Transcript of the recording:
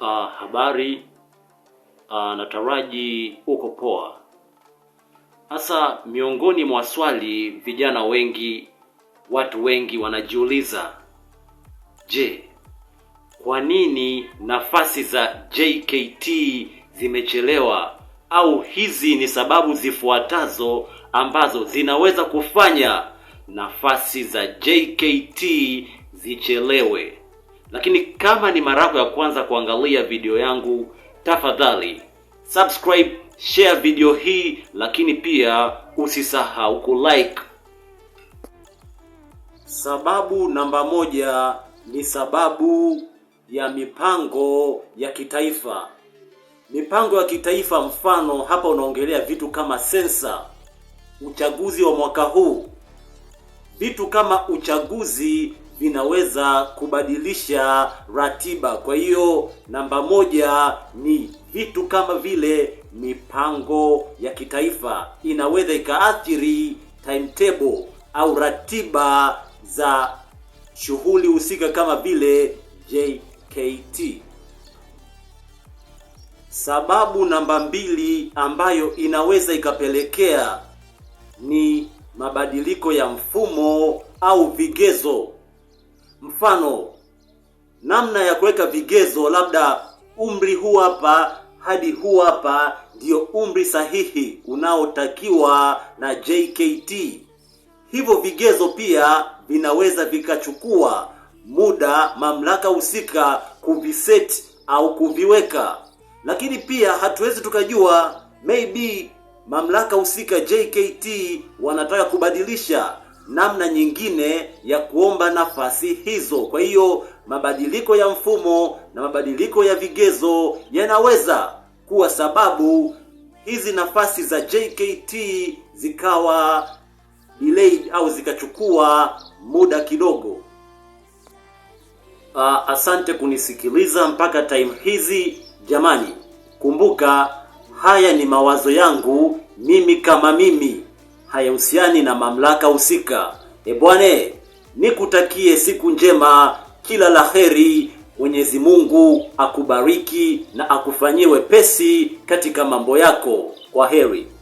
Uh, habari. Uh, nataraji uko poa. Sasa, miongoni mwa swali vijana wengi, watu wengi wanajiuliza, je, kwa nini nafasi za JKT zimechelewa? Au hizi ni sababu zifuatazo ambazo zinaweza kufanya nafasi za JKT zichelewe. Lakini kama ni mara yako ya kwanza kuangalia video yangu, tafadhali subscribe, share video hii, lakini pia usisahau kulike. Sababu namba moja ni sababu ya mipango ya kitaifa. Mipango ya kitaifa, mfano hapa unaongelea vitu kama sensa, uchaguzi wa mwaka huu, vitu kama uchaguzi vinaweza kubadilisha ratiba. Kwa hiyo namba moja ni vitu kama vile mipango ya kitaifa inaweza ikaathiri timetable au ratiba za shughuli husika kama vile JKT. Sababu namba mbili ambayo inaweza ikapelekea ni mabadiliko ya mfumo au vigezo mfano namna ya kuweka vigezo, labda umri huu hapa hadi huu hapa ndio umri sahihi unaotakiwa na JKT. Hivyo vigezo pia vinaweza vikachukua muda mamlaka husika kuviset au kuviweka, lakini pia hatuwezi tukajua, maybe mamlaka husika JKT wanataka kubadilisha namna nyingine ya kuomba nafasi hizo. Kwa hiyo mabadiliko ya mfumo na mabadiliko ya vigezo yanaweza kuwa sababu hizi nafasi za JKT zikawa delayed au zikachukua muda kidogo. Uh, asante kunisikiliza mpaka time hizi jamani. Kumbuka haya ni mawazo yangu mimi kama mimi hayahusiani na mamlaka husika. E nikutakie siku njema, kila la heri. Mwenyezi Mungu akubariki na akufanyie wepesi katika mambo yako. Kwa heri.